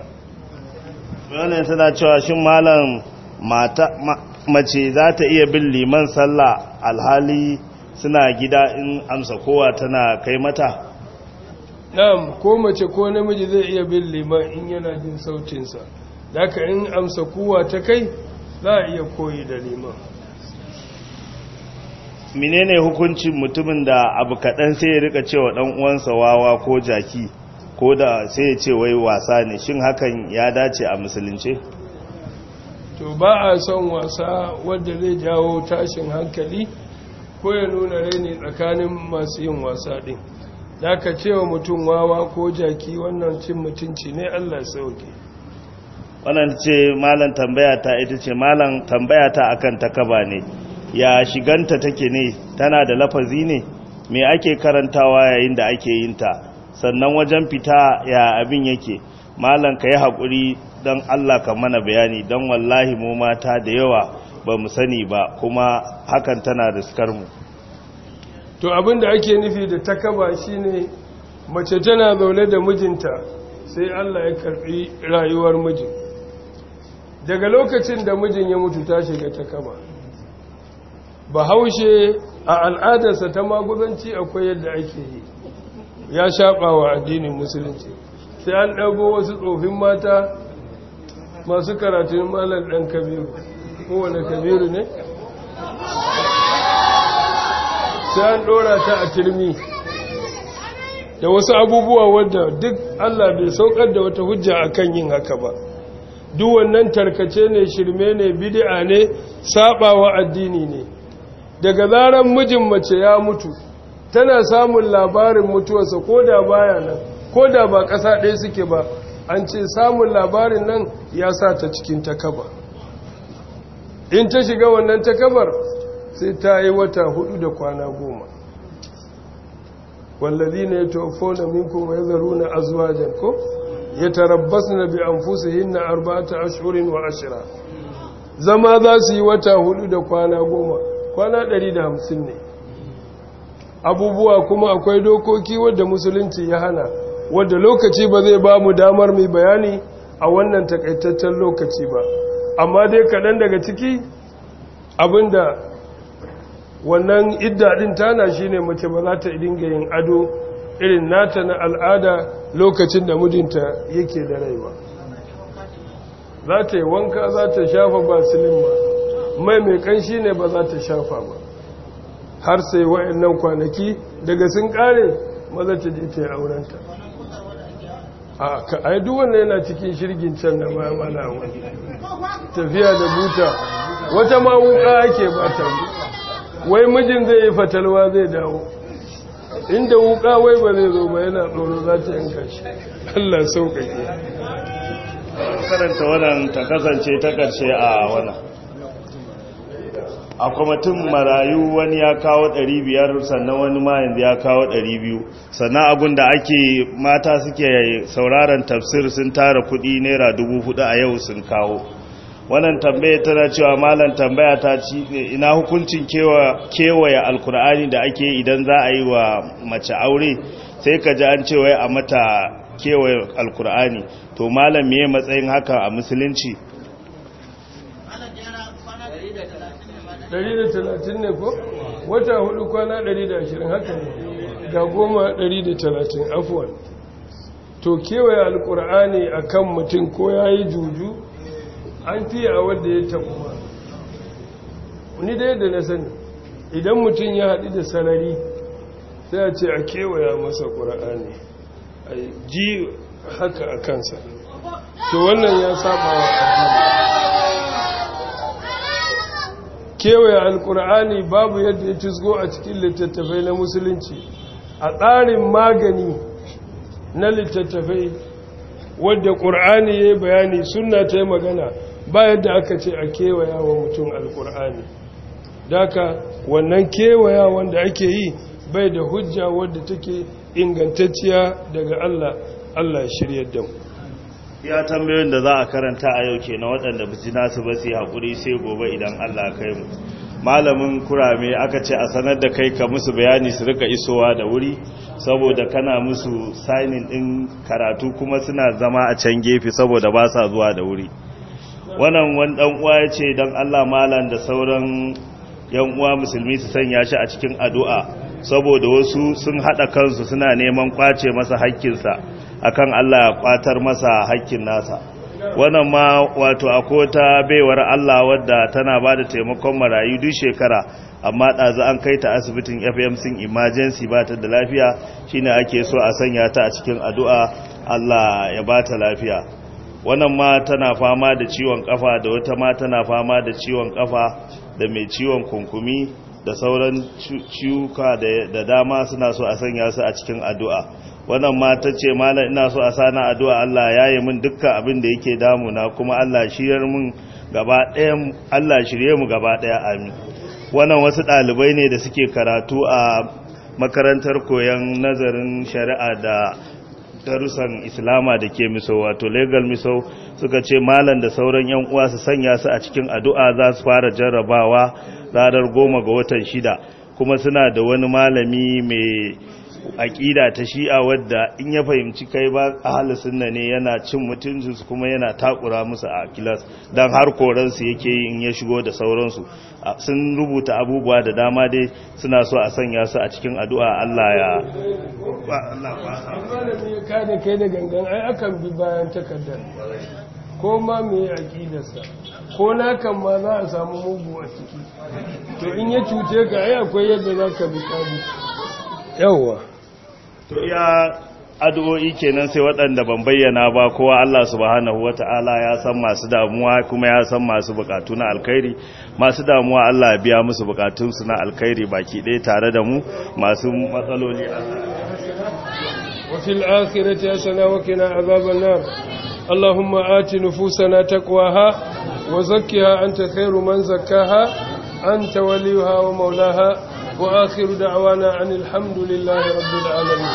Speaker 3: wannan tana cewa shi malam mace za ta iya bin liman sallah alhali suna gida in amsa kowa tana kai mata
Speaker 1: na'am ko mace ko namiji zai iya bin liman in yana jin sautinsa daga in amsa kuwa ta kai za a iya koyi da liman
Speaker 3: ne hukuncin mutumin da abu kaɗan sai ya rika cewa ɗan uwansa wawa ko jaki ko da sai ya ce wai wasa ne shin hakan ya dace a musulunce
Speaker 1: to ba a son wasa wadda zai jawo tashin hankali ko ya nuna raini tsakanin masu yin wasa ɗin da ka ce wa mutum wawa ko jaki wannan cin mutunci ne Allah sauke
Speaker 3: wannan ce malam tambaya ta ita ce malam tambaya ta akan takaba ne ya shiganta take ne tana da lafazi ne me ake karantawa yayin da ake yin ta sannan wajen fita ya abin yake malam ka yi haƙuri don Allah ka mana bayani don wallahi mu mata da yawa ba mu sani ba kuma hakan tana da mu
Speaker 1: to abin da ake nufi da takaba shine mace tana zaune da mijinta sai Allah ya karbi rayuwar mijin daga lokacin da mijin ya mutu ta shiga takaba bahaushe a al'adarsa ta maguzanci akwai yadda ake yi ya shaɓa wa addinin musulunci sai an ɗago wasu tsofin mata masu karatun malar ɗan kabiru kowane kabiru ne sai an dora ta a turmi da wasu abubuwa wadda duk Allah bai saukar da wata hujja akan yin haka ba duk wannan tarkace ne shirme ne bidi'a ne sabawa addini ne daga zaran mijin mace ya mutu tana samun labarin mutuwarsa ko da baya nan ko da ba ƙasa ɗaya suke ba an ce samun labarin nan ya sa ta cikin takaba in ta shiga wannan takabar sai ta yi wata hudu da kwana goma wallazi ne ya tofo na ya zaru na azuwajen ko ya tarabbas na bi an fusa yin na arba'ata ashirin wa ashira zama za su yi wata hudu da kwana goma kwana ɗari da hamsin ne abubuwa kuma akwai dokoki wadda musulunci ya hana wadda lokaci ba zai ba mu damar mai bayani a wannan takaitaccen lokaci ba amma dai kaɗan daga ciki abinda wannan idda tana shi ne mace ba za ta dinga yin ado irin nata na al'ada lokacin da mijinta yake da raiwa za ta yi wanka za ta shafa basilin ba, mai mai kanshi ne ba za ta shafa ba har sai wa'annan kwanaki daga sun kare maza ta je ta yi aurenta a ka aidu wanda yana cikin shirgin can da bayan wani
Speaker 5: tafiya da buta wata ma ake ba ta wai
Speaker 1: mijin zai yi fatalwa zai dawo inda
Speaker 3: wuka wai ba
Speaker 1: zai zo ba yana tsoro za
Speaker 3: ta yanka shi Allah sauƙaƙe karanta wannan ta kasance ta ƙarshe a wannan a kwamitin marayu wani ya kawo 500 sannan wani mayan ya kawo 200 sannan abin da ake mata suke sauraron tafsir sun tara kudi naira 4,000 a yau sun kawo wannan tambaya tana cewa malam tambaya ta ci ina hukuncin kewa kewaye alkur'ani da ake idan za a yi wa mace aure sai ka ji an cewa a mata kewaye alkur'ani to malam me matsayin haka a musulunci
Speaker 1: 130 ne ko wata hudu kwana 120 haka ga goma 130 afuwan to kewaye alkur'ani akan mutum ko ya yi juju an fiye a wadda ya tamuwa wani da yadda na sani idan mutum ya haɗu da sarari sai a ce a kewaya masa ƙura'ani a ji haka a kansa to wannan ya saba wa kewaya alƙura'ani babu yadda ya cizgo a cikin littattafai na musulunci a tsarin magani na littattafai wadda ƙur'ani ya yi bayani suna ta yi magana ba yadda aka ce a kewaya wa mutum alkur'ani daga wannan kewaya wanda ake yi bai da hujja wadda take ingantacciya daga Allah Allah ya da mu
Speaker 3: ya tambayoyin da za a karanta a yau ke na waɗanda bisi nasu ba su haƙuri sai gobe idan Allah kai mu malamin kurame aka ce a sanar da kai ka musu bayani su rika isowa da wuri saboda kana musu signing din karatu kuma suna zama a can gefe saboda ba sa zuwa da wuri wannan wani dan uwa ya ce don Allah malam da sauran yan uwa musulmi su sanya shi a cikin addu'a saboda wasu sun haɗa kansu suna neman kwace masa hakkinsa akan Allah ya kwatar masa hakkin nasa wannan ma wato ta baiwar Allah wadda tana ba da taimakon marayu duk shekara amma ɗazu an kai ta asibitin fmc emergency ba ta da lafiya shine ake so a sanya ta a cikin addu'a Allah ya bata lafiya wannan ma tana fama da ciwon kafa da wata ma tana fama da ciwon kafa da mai ciwon kunkumi da sauran ciwuka da dama suna so a sanya su a cikin addu'a wannan ma ta ce malam ina so a sana addu'a Allah ya yi min dukkan abin da yake damuna kuma Allah shiryar mu gaba ɗaya Allah shirye mu gaba ɗaya amin wannan wasu ɗalibai ne da suke karatu a makarantar koyon nazarin shari'a da darussan islama da ke miso wato legal miso suka ce malam da sauran yan uwa su sanya su a cikin addu'a za su fara jarrabawa ranar goma ga watan shida kuma suna da wani malami mai aƙida ta shi'a wadda in ya fahimci kai ba a sunna ne yana cin mutuncinsu kuma yana takura musu a kilas don har koransu yake yi in ya shigo da sauransu sun rubuta abubuwa da dama dai suna so a sanya su a cikin addu'a Allah ya
Speaker 1: kada kai da gangan ai akan bi bayan takardar ko ma me aƙidarsa ko na kan ma za a samu mugu a ciki to in ya cuce ka ai akwai yadda za ka bi kabu yawwa
Speaker 3: to iya addu'o'i kenan sai waɗanda ban bayyana ba kowa Allah subhanahu wata'ala ya san masu damuwa kuma ya san masu bukatu na alkhairi masu damuwa Allah ya biya musu su na alkhairi baki ɗaya tare da mu masu matsaloli
Speaker 1: وفي الآخرة حسنة وكنا عذاب النار اللهم آت نفوسنا تقواها وزكها أنت خير من زكاها
Speaker 5: أنت وليها ومولاها وآخر دعوانا عن الحمد لله رب العالمين